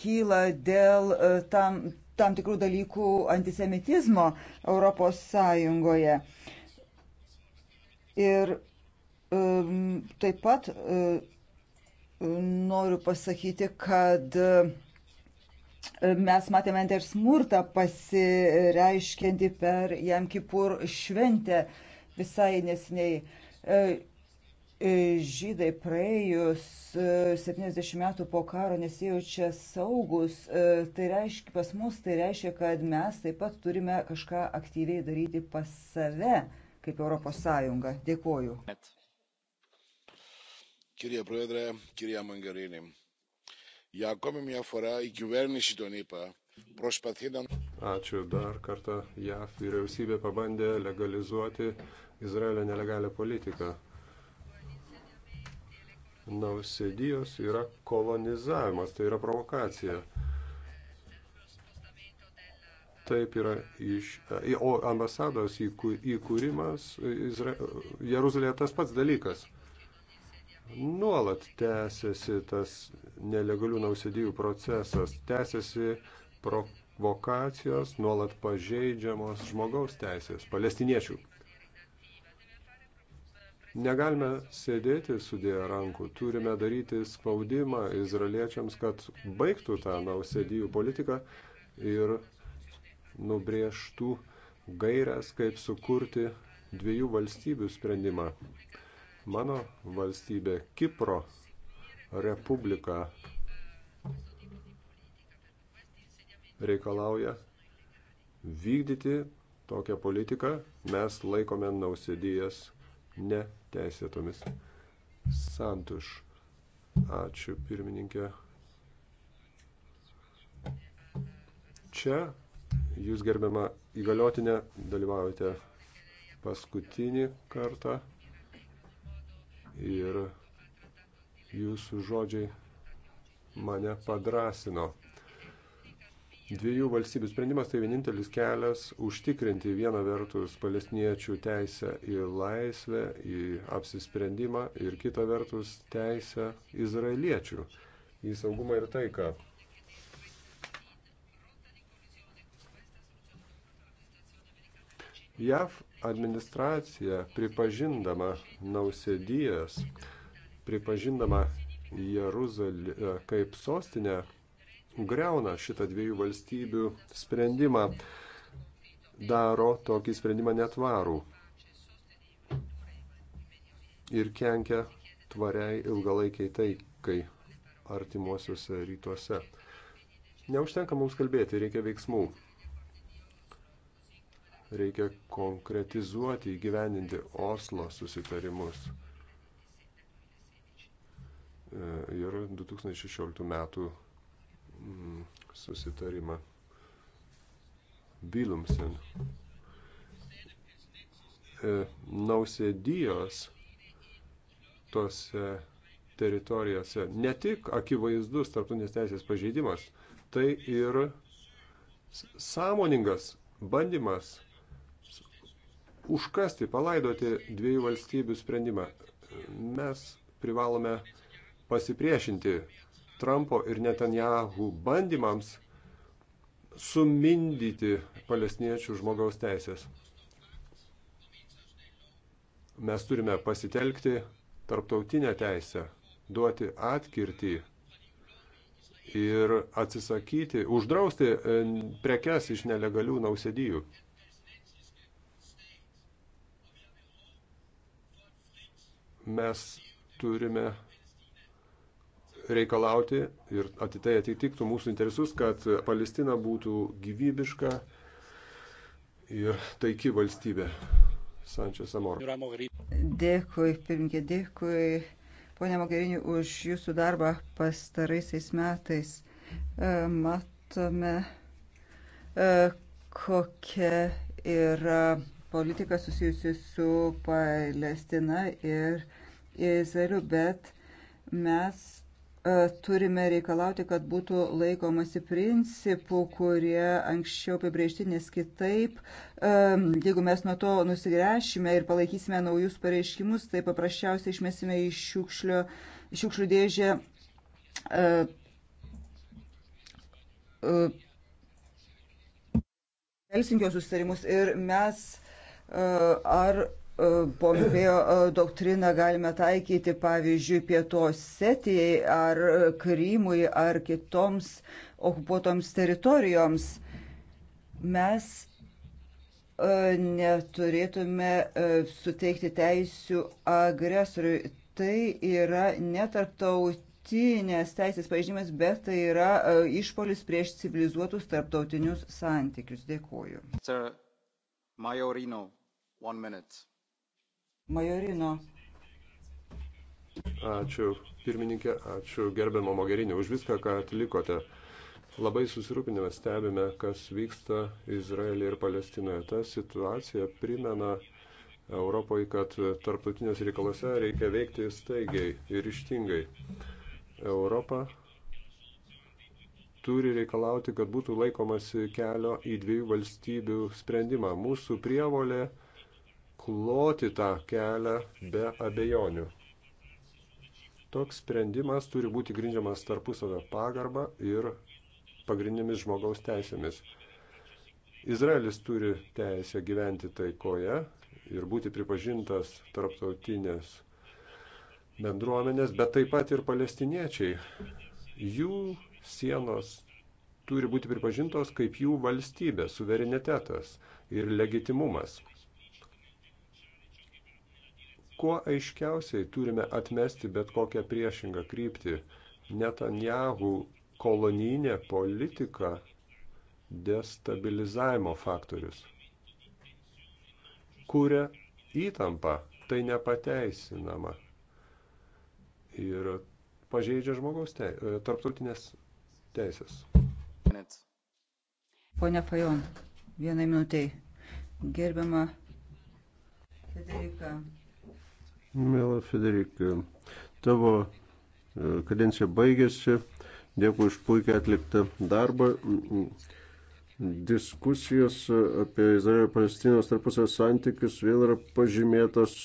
kyla dėl tam, tam tikrų dalykų antisemitizmo Europos Sąjungoje. Ir um, taip pat uh, noriu pasakyti, kad e, mes matėme ir smurtą pasireiškiantį per Jam Kipur šventę visai nesiniai. E, e, žydai praėjus 70 metų po karo nesijaučia saugus. Tai reiškia, pas mus tai reiškia, kad mes taip pat turime kažką aktyviai daryti pas save kaip Europos Sąjunga. Dėkuoju. Bet κύριε πρόεδρε κυρία μογκερίνη για ακόμη μια φορά η κυβέρνηση των ηπα προσπαθεί να. Ačiū dar kartą. JAF vyriausybė pabandė legalizuoti Izraelio nelegalią politiką. Nausėdijos yra kolonizavimas, tai yra provokacija. Taip yra iš. O ambasados įkūrimas Izra... Jeruzalėje tas pats dalykas nuolat tęsiasi tas nelegalių nausėdijų procesas, tęsiasi provokacijos, nuolat pažeidžiamos žmogaus teisės, palestiniečių. Negalime sėdėti sudėję rankų, turime daryti spaudimą izraeliečiams, kad baigtų tą nausėdijų politiką ir nubrėžtų gairias, kaip sukurti dviejų valstybių sprendimą. Mano valstybė Kipro Republika reikalauja vykdyti tokią politiką. Mes laikome nausėdijas neteisėtomis santuš. Ačiū pirmininkė. Čia jūs gerbiama įgaliotinė dalyvaujate paskutinį kartą ir jūsų žodžiai mane padrasino. Dviejų valstybių sprendimas tai vienintelis kelias užtikrinti vieną vertus palestiniečių teisę į laisvę, į apsisprendimą ir kitą vertus teisę izraeliečių į saugumą ir taiką. JAV administracija, pripažindama Nausėdijas, pripažindama Jeruzalę kaip sostinę, greuna šitą dviejų valstybių sprendimą, daro tokį sprendimą netvarų ir kenkia tvariai ilgalaikiai taikai artimuosiuose rytuose. Neužtenka mums kalbėti, reikia veiksmų reikia konkretizuoti, įgyvendinti Oslo susitarimus e, ir 2016 metų mm, susitarimą Vilumsen. E, nausėdijos tose teritorijose ne tik akivaizdus tarptautinės teisės pažeidimas, tai ir sąmoningas bandymas užkasti, palaidoti dviejų valstybių sprendimą. Mes privalome pasipriešinti Trumpo ir Netanjahu bandymams sumindyti palestiniečių žmogaus teisės. Mes turime pasitelkti tarptautinę teisę, duoti atkirtį ir atsisakyti, uždrausti e, prekes iš nelegalių nausėdijų. mes turime reikalauti ir atitai atitiktų mūsų interesus, kad Palestina būtų gyvybiška ir taiki valstybė. Sančias Amor. Dėkui, pirmininkė, dėkui, ponia Mogherini, už jūsų darbą pastaraisiais metais. E, matome, e, kokia yra politika susijusi su Palestina ir Izraeliu, bet mes e, turime reikalauti, kad būtų laikomasi principų, kurie anksčiau apibriežti, nes kitaip, e, jeigu mes nuo to nusigręšime ir palaikysime naujus pareiškimus, tai paprasčiausiai išmesime į šiukšlio, šiukšlių dėžę e, Helsinkio susitarimus ir mes ar e, Pompėjo e, doktriną galime taikyti, pavyzdžiui, Pietos Setijai ar Krymui ar kitoms okupuotoms teritorijoms. Mes e, neturėtume suteikti teisių agresoriui. Tai yra netartautinės teisės pažymimas, bet tai yra išpolis prieš civilizuotus tarptautinius santykius. Dėkuoju. Majorino. Majorino. Ačiū pirmininkė, ačiū gerbiamo Mogerinė už viską, ką atlikote. Labai susirūpinime stebime, kas vyksta Izraelį ir Palestinoje. Ta situacija primena Europoje, kad tarptautinės reikalose reikia veikti staigiai ir ištingai. Europa turi reikalauti, kad būtų laikomasi kelio į dviejų valstybių sprendimą. Mūsų prievolė kloti tą kelią be abejonių. Toks sprendimas turi būti grindžiamas tarpusavio pagarba ir pagrindinėmis žmogaus teisėmis. Izraelis turi teisę gyventi taikoje ir būti pripažintas tarptautinės bendruomenės, bet taip pat ir palestiniečiai. Jų sienos turi būti pripažintos kaip jų valstybė, suverenitetas ir legitimumas kuo aiškiausiai turime atmesti bet kokią priešingą kryptį. Netanjahu kolonijinė politika destabilizavimo faktorius. Kūrė įtampą, tai nepateisinama. Ir pažeidžia žmogaus te, e, tarptautinės teisės. Pone Fajon, vienai minutiai. Gerbiama Federika. Mėla Federika, tavo e, kadencija baigėsi. Dėkui už puikiai atliktą darbą. Diskusijos apie Izraelio ir Palestinos tarpusavio santykius vėl yra pažymėtas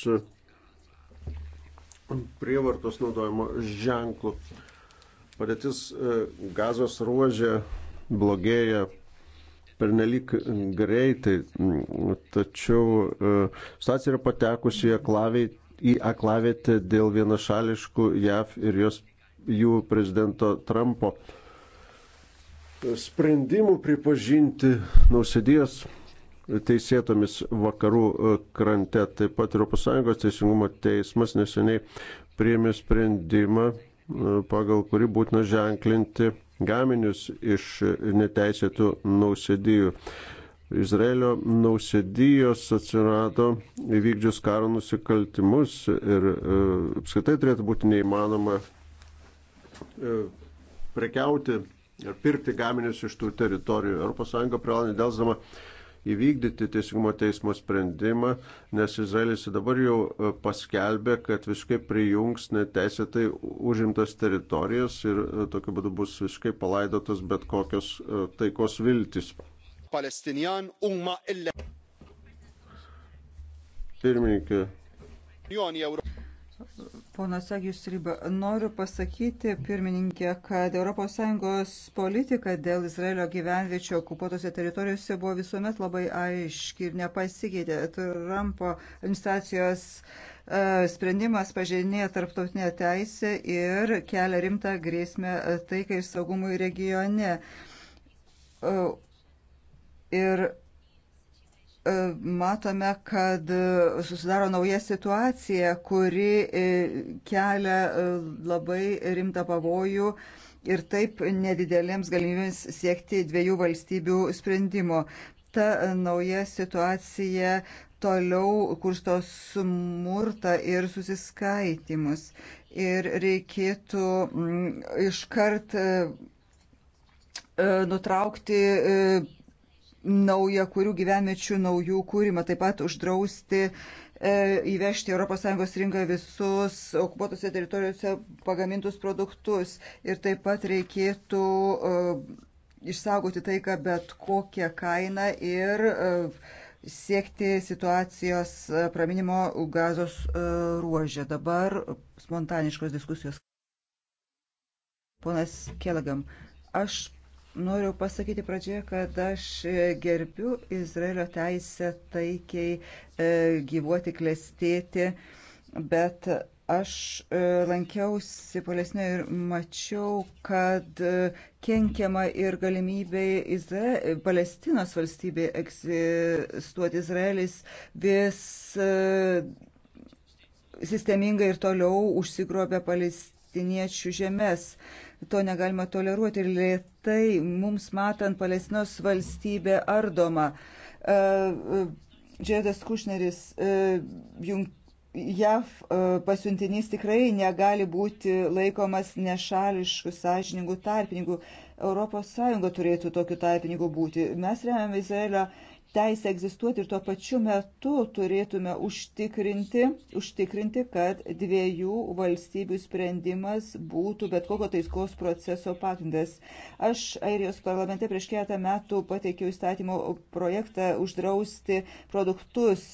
prievartos naudojimo ženklų. Padėtis e, gazos ruožė blogėja pernelik greitai, tačiau e, situacija yra patekusi į aklaviai į aklavietę dėl vienašališkų JAV ir jos, jų prezidento Trumpo sprendimų pripažinti nausėdijos teisėtomis vakarų krante. Taip pat ES teisingumo teismas neseniai priėmė sprendimą, e, pagal kurį būtina ženklinti gaminius iš neteisėtų nausėdijų. Izraelio nausėdijos atsirado įvykdžius karo nusikaltimus ir e, apskaitai turėtų būti neįmanoma e, prekiauti ir pirkti gaminius iš tų teritorijų. ES privalo nedelsdama įvykdyti teisingumo teismo sprendimą, nes Izraelis dabar jau e, paskelbė, kad visiškai prijungs neteisėtai užimtas teritorijas ir tokiu būdu bus visiškai palaidotas bet kokios taikos viltis palestinjan huma Pirmininkė. Ponas Agijus Ryba, noriu pasakyti, pirmininkė, kad ES politika dėl Izraelio gyvenviečio okupuotose teritorijose buvo visuomet labai aiški ir nepasikeitė. Trumpo administracijos e, sprendimas pažeidinėja tarptautinę teisę ir kelia rimtą grėsmę taikai ir saugumui regione e, Ir e, matome, kad e, susidaro nauja situacija, kuri e, kelia labai rimtą pavojų ir taip nedidelėms galimybėms siekti dviejų valstybių sprendimo. Ta nauja situacija toliau kursto smurtą ir susiskaitimus. Ir reikėtų mm, iškart nutraukti naują kurių gyvenmečių naujų kūrimą, taip pat uždrausti e, įvežti ES rinką visus okupuotose teritorijose pagamintus produktus ir taip pat reikėtų e, išsaugoti taiką bet kokią kainą ir e, siekti situacijos e, praminimo gazos e, ruožė. Dabar spontaniškos diskusijos. Ponas Kelagam, aš Noriu pasakyti pradžioje, kad aš e, gerbiu Izraelio teisę taikiai e, gyvuoti, klestėti, bet aš e, lankiausi Palestinė ir mačiau, kad kenkiama ir galimybei Izra... Palestinos valstybė egzistuoti. Izraelis vis sistemingai ir toliau užsigrobė palestiniečių žemės. Uh, To negalima toleruoti ir lėtai mums matant Palestinos valstybę ardoma. E, e, Džedas Kušneris, e, JAV pasiuntinys tikrai negali būti laikomas nešališkų, sąžiningų tarpininkų. ES turėtų tokių tarpininkų būti. Mes remiam Izraelio teisę egzistuoti ir tuo pačiu metu turėtume užtikrinti, užtikrinti kad dviejų valstybių sprendimas būtų bet kokio taiskos proceso pagrindas. Aš Airijos parlamente prieš keletą metų pateikiau įstatymo projektą uždrausti produktus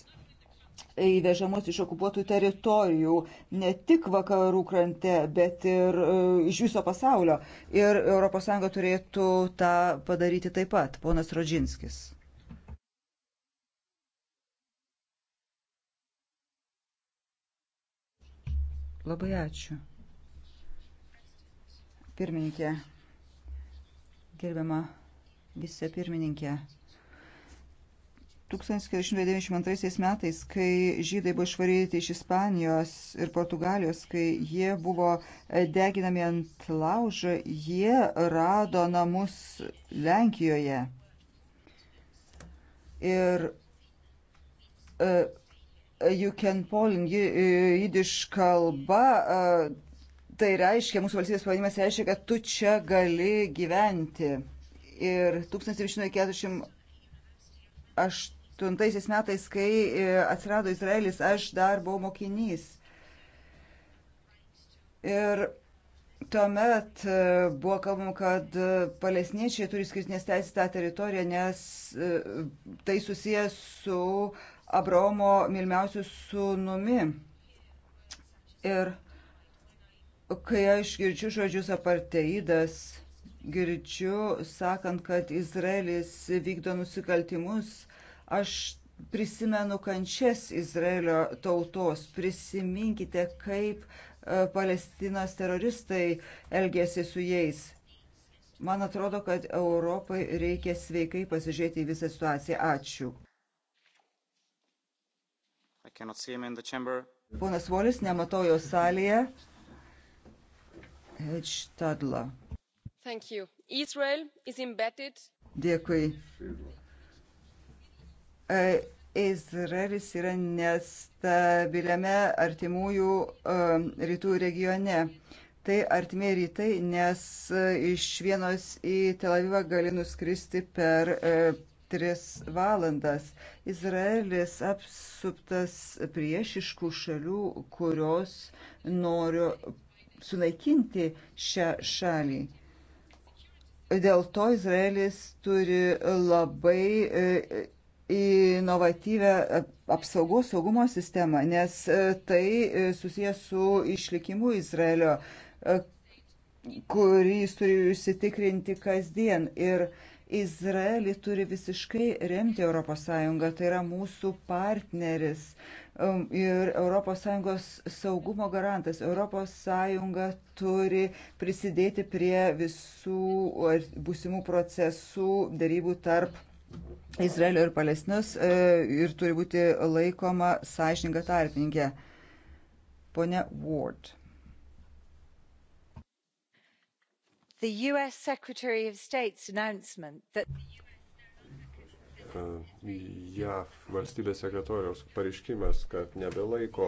įvežamos iš okupuotų teritorijų, ne tik vakarų krante, bet ir e, iš viso pasaulio. Ir ES turėtų tą padaryti taip pat, ponas Rodžinskis. Labai ačiū. Pirmininkė, gerbiama vice pirmininkė. 1492 metais, kai žydai buvo išvaryti iš Ispanijos ir Portugalijos, kai jie buvo deginami ant laužo, jie rado namus Lenkijoje. Ir e, You can polling, e, jidiš kalba, e, tai reiškia, mūsų valstybės pavadinimas reiškia, kad tu čia gali gyventi. Ir 1948 metais, kai e, atsirado Izraelis, aš dar buvau mokinys. Ir tuomet buvo kalbama, kad palestiniečiai turi skirtinės teisės tą teritoriją, nes tai susijęs su uh, Abraomo mylimiausių sūnumi. Ir kai aš girdžiu žodžius aparteidas, girdžiu sakant, kad Izraelis vykdo nusikaltimus, aš prisimenu kančias Izraelio tautos. Prisiminkite, kaip e, Palestinos teroristai elgėsi su jais. Man atrodo, kad Europai reikia sveikai pasižiūrėti į visą situaciją. Ačiū. Ponas Volis, nematau jo salėje. Hedštadla. Dėkui. E, Izraelis yra nestabiliame artimųjų e, rytų regione. Tai artimi rytai, nes e, iš vienos į Tel Avivą gali nuskristi per tris valandas. Izraelis apsuptas priešiškų šalių, kurios nori sunaikinti šią šalį. Dėl to Izraelis turi labai e, inovatyvę apsaugos saugumo sistemą, nes e, tai e, susijęs su išlikimu Izraelio, kurį jis turi užsitikrinti kasdien. Ir Izraelį turi visiškai remti ES, tai yra mūsų partneris um, ir ES saugumo garantas. ES turi prisidėti prie visų būsimų procesų darybų tarp Izraelio ir Palestinos e, ir turi būti laikoma sąžininga tarpininkė. Pone Ward. the us secretary of state's announcement that uh, JAV valstybės sekretoriaus pareiškimas, kad nebelaiko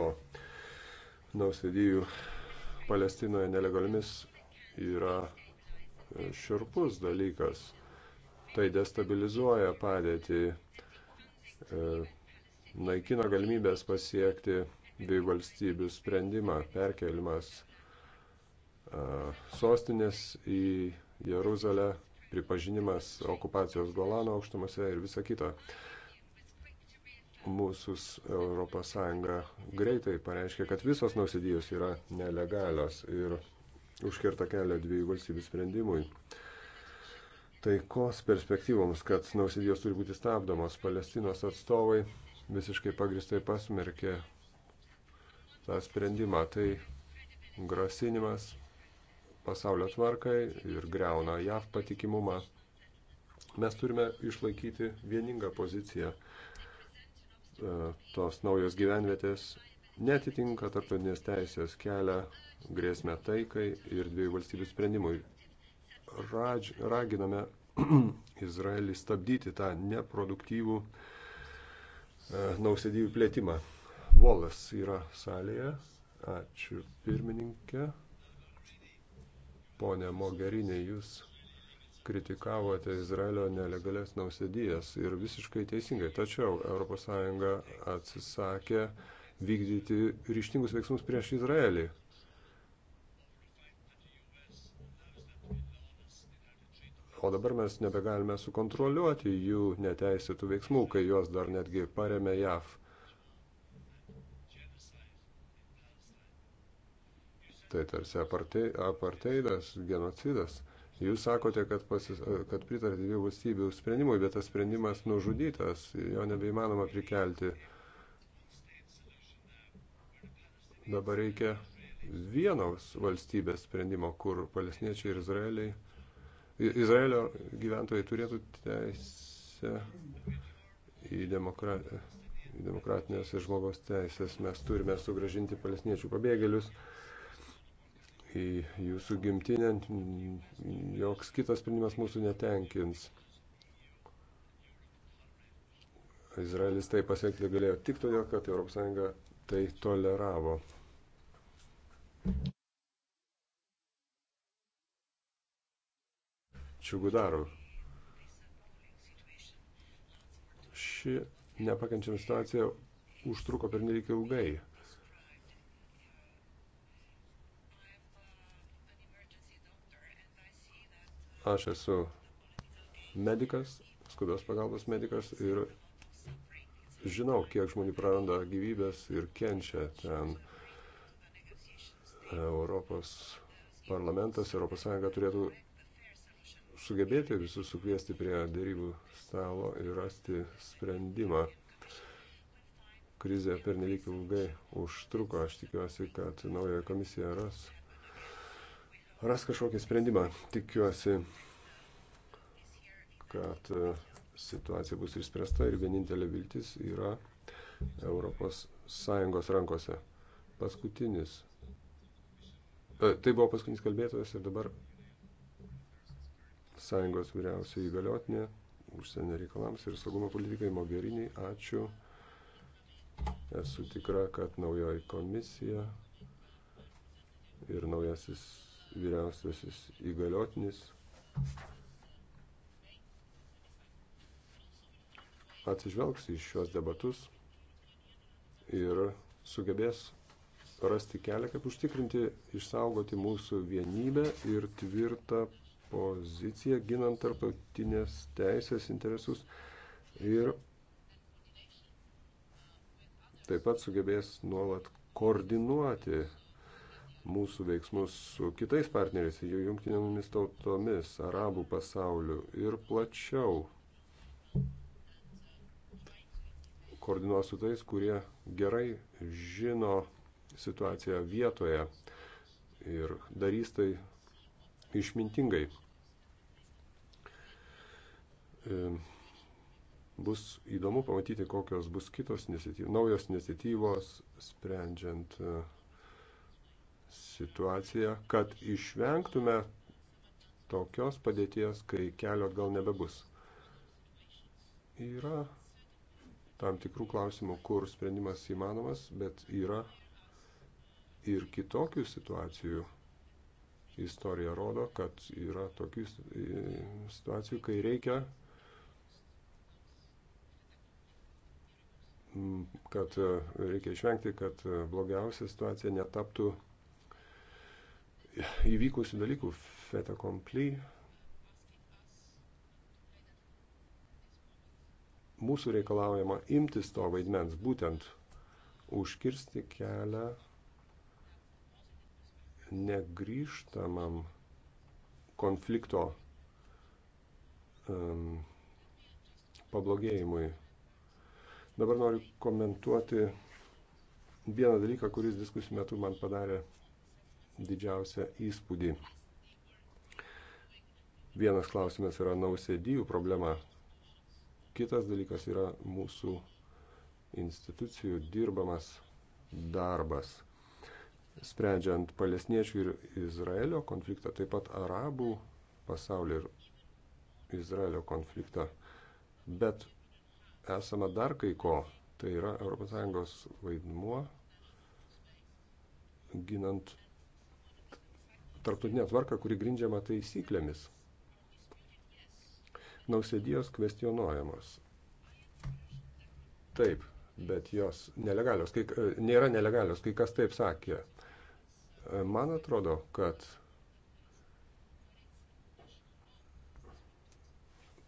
nausėdijų Palestinoje nelegaliomis yra e, širpus dalykas. Tai destabilizuoja padėtį, e, naikina galimybės pasiekti dviejų valstybių sprendimą, perkelimas E, sostinės į Jeruzalę, pripažinimas okupacijos Golano aukštumose ir visa kita. Mūsų ES greitai pareiškė, kad visos nausidijos yra nelegalios ir užkirta kelią dviejų valstybių sprendimui. Taikos perspektyvoms, kad nausidijos turi būti stabdomos, Palestinos atstovai visiškai pagristai pasmerkė tą sprendimą. Tai grasinimas pasaulio tvarkai ir greuna JAV patikimumą. Mes turime išlaikyti vieningą poziciją. E, tos naujos gyvenvietės netitinka tarptautinės teisės kelia grėsmę taikai ir dviejų valstybių sprendimui. Raž, raginame *clears throat* Izraelį stabdyti tą neproduktyvų e, nausėdyjų plėtimą. Volas yra salėje. Ačiū pirmininkė. Pone Mogerinė, jūs kritikavote Izraelio nelegalias nausėdijas ir visiškai teisingai. Tačiau ES atsisakė vykdyti ryštingus veiksmus prieš Izraelį. O dabar mes nebegalime sukontroliuoti jų neteisėtų veiksmų, kai juos dar netgi paremė JAV. Tai tarsi aparteidas, genocidas. Jūs sakote, kad, pasis, kad pritarėte dviejų valstybių sprendimui, bet tas sprendimas nužudytas, jo nebeįmanoma prikelti. Dabar reikia vienos valstybės sprendimo, kur palestiniečiai ir izraeliai, Izraelio gyventojai turėtų teisę į, demokrati, į demokratinės ir žmogaus teisės. Mes turime sugražinti palestiniečių pabėgėlius į jūsų gimtinę, joks kitas sprendimas mūsų netenkins. Izraelis tai pasiekti galėjo tik todėl, kad ES tai toleravo. Čiugudaru. Ši nepakenčiama situacija užtruko per nelik ilgai. Aš esu medikas, skubios pagalbos medikas ir žinau, kiek žmonių praranda gyvybės ir kenčia ten. Europos parlamentas, Europos Sąjunga turėtų sugebėti visus sukviesti prie dėrybų stalo ir rasti sprendimą. Krizė pernelyg ilgai užtruko, aš tikiuosi, kad nauja komisija ras ras kažkokį sprendimą. Tikiuosi, kad e, situacija bus išspręsta ir vienintelė viltis yra ES rankose. Paskutinis. E, tai buvo paskutinis kalbėtojas ir dabar sąjungos vyriausiai įgaliotinė užsienio reikalams ir saugumo politikai Mogherini. Ačiū. Esu tikra, kad naujoji komisija ir naujasis vyriausiasis įgaliotinis atsižvelgs į šios debatus ir sugebės rasti kelią, kaip užtikrinti, išsaugoti mūsų vienybę ir tvirtą poziciją, ginant tarptautinės teisės interesus ir taip pat sugebės nuolat koordinuoti mūsų veiksmus su kitais partneriais, jų jungtinėmis tautomis, arabų pasauliu ir plačiau koordinuos su tais, kurie gerai žino situaciją vietoje ir darys tai išmintingai. E, bus įdomu pamatyti, kokios bus kitos iniciatyvos, naujos iniciatyvos, sprendžiant e, situaciją, kad išvengtume tokios padėties, kai kelio atgal nebebus. Yra tam tikrų klausimų, kur sprendimas įmanomas, bet yra ir kitokių situacijų. Istorija rodo, kad yra tokių e, situacijų, kai reikia, kad e, reikia išvengti, kad e, blogiausia situacija netaptų įvykusių dalykų feta komply. Mūsų reikalaujama imtis to vaidmens, būtent užkirsti kelią negrįžtamam konflikto um, pablogėjimui. Dabar noriu komentuoti vieną dalyką, kuris diskusijų metu man padarė didžiausią įspūdį. Vienas klausimas yra nausėdijų problema, kitas dalykas yra mūsų institucijų dirbamas darbas. Sprendžiant palestiniečių ir Izraelio konfliktą, taip pat arabų pasaulio ir Izraelio konfliktą. Bet esama dar kai ko, tai yra ES vaidmuo ginant tarptautinę tvarką, kuri grindžiama taisyklėmis. Nausėdijos kvestionuojamos. Taip, bet jos nelegalios, kai, e, nėra nelegalios, kai kas taip sakė. E, man atrodo, kad,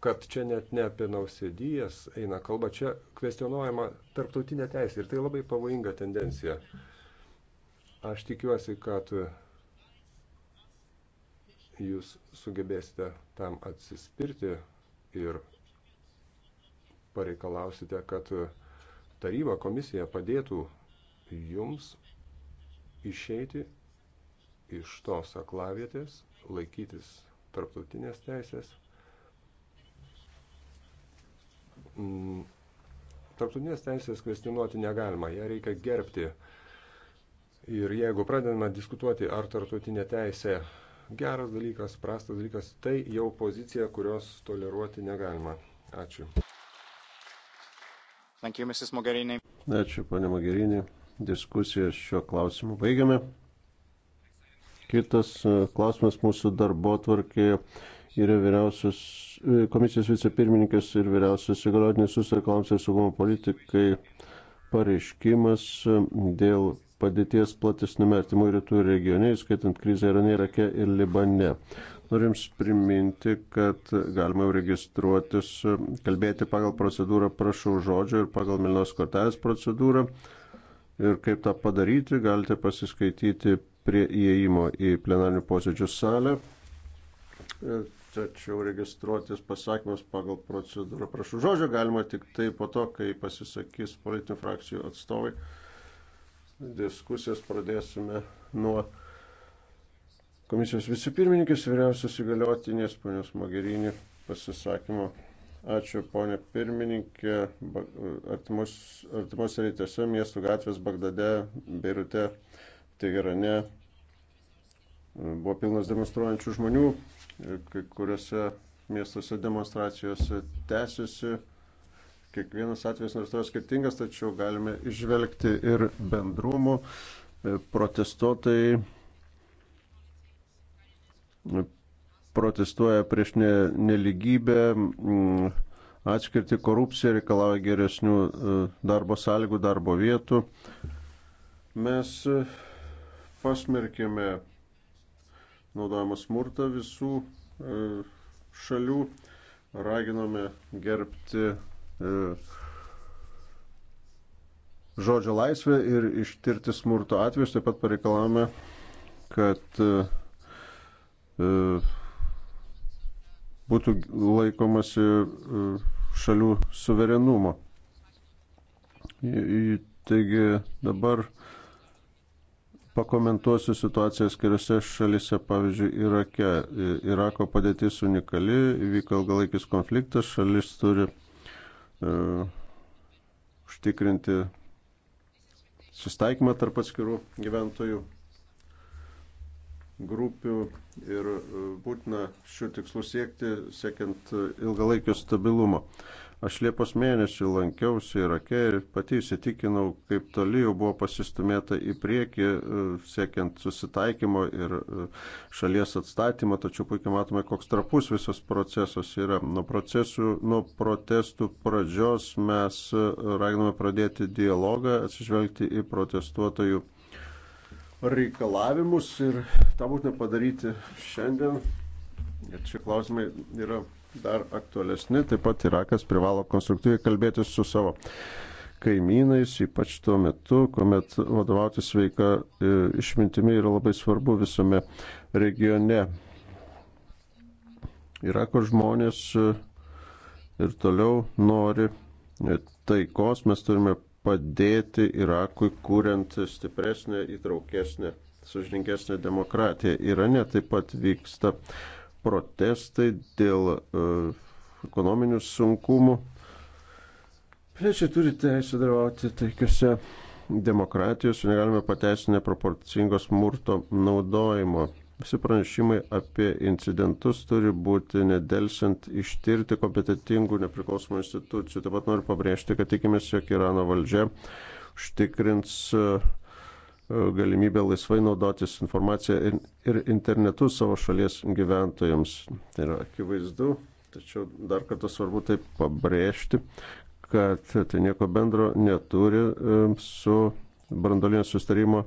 kad čia net ne apie nausėdijas eina kalba, čia kvestionuojama tarptautinė teisė ir tai labai pavojinga tendencija. Aš tikiuosi, kad jūs sugebėsite tam atsispirti ir pareikalausite, kad taryba komisija padėtų jums išeiti iš tos aklavietės, laikytis tarptautinės teisės. Mm, tarptautinės teisės kvestinuoti negalima, ją reikia gerbti. Ir jeigu pradedame diskutuoti, ar tarptautinė teisė geras dalykas, prastas dalykas, tai jau pozicija, kurios toleruoti negalima. Ačiū. Thank you, Mrs. Mogherini. Ačiū, ponė Mogherini. Diskusiją šiuo klausimu baigiame. Kitas e, klausimas mūsų darbo tvarkėje yra vyriausios e, komisijos vicepirmininkas ir vyriausios įgaliotinės užsienio klausimų ir saugumo politikai pareiškimas e, dėl padėties platesniame artimų rytų regione, įskaitant krizę Irane, Irake ir Libane. Noriu Jums priminti, kad galima jau registruotis, kalbėti pagal procedūrą prašau žodžio ir pagal Milnos kortelės procedūrą. Ir kaip tą padaryti, galite pasiskaityti prie įėjimo į plenarnių posėdžių salę. Tačiau registruotis pasakymas pagal procedūrą prašau žodžio galima tik tai po to, kai pasisakys politinių frakcijų atstovai diskusijas pradėsime nuo komisijos vicepirmininkės vyriausios įgaliotinės ponios Magerinį pasisakymo. Ačiū, ponė pirmininkė. Artimuose rytuose miestų gatvės Bagdade, Beirute, Tegerane buvo pilnas demonstruojančių žmonių, kai kuriuose miestuose demonstracijos tęsiasi. Kiekvienas atvejis nors yra skirtingas, tačiau galime išvelgti ir bendrumų. E, protestuotojai e, protestuoja prieš ne, neligybę, atskirti korupciją, reikalauja geresnių e, darbo sąlygų, darbo vietų. Mes pasmerkėme naudojamą smurtą visų šalių raginome gerbti E, žodžio laisvę ir ištirti smurto atvejus. Taip pat pareikalavome, kad e, e, būtų laikomasi šalių suverenumo. Taigi dabar pakomentuosiu situacijas keliose šalise, pavyzdžiui, Irake. Irako padėtis unikali, įvyko ilgalaikis konfliktas, šalis turi E, užtikrinti sustaikymą tarp atskirų gyventojų grupių ir e, būtina šių tikslų siekti, siekiant e, ilgalaikio stabilumo. Aš Liepos mėnesį lankiausi Irake ir pati įsitikinau, kaip toli jau buvo pasistumėta į priekį, e, siekiant susitaikymo ir e, šalies atstatymo, tačiau puikiai matome, koks trapus visas procesas yra. Nuo, procesų, nuo protestų pradžios mes e, raginame pradėti dialogą, atsižvelgti į protestuotojų reikalavimus ir tą būtina padaryti šiandien. Ir čia klausimai yra dar aktualesni. Taip pat Irakas privalo konstruktyviai kalbėtis su savo kaimynais, ypač tuo metu, kuomet vadovauti sveika e, išmintimi yra labai svarbu visame regione. Irako žmonės e, ir toliau nori e, taikos, mes turime padėti Irakui, kuriant stipresnę, įtraukesnę, sužininkesnę demokratiją. Irane taip pat vyksta uh, protestai, dėl e, ekonominių sunkumų. Piliečiai turi teisę dalyvauti taikiuose demokratijos ir negalime pateisinti neproporcingo smurto naudojimo. Visi pranešimai apie incidentus turi būti nedelsiant ištirti kompetitingų nepriklausomų institucijų. Taip pat noriu pabrėžti, kad tikimės, jog Irano valdžia užtikrins uh, galimybę laisvai naudotis informaciją ir, ir internetu savo šalies gyventojams. Tai yra akivaizdu, tačiau dar kartą svarbu tai pabrėžti, kad tai nieko bendro neturi e, su brandolinio sustarimo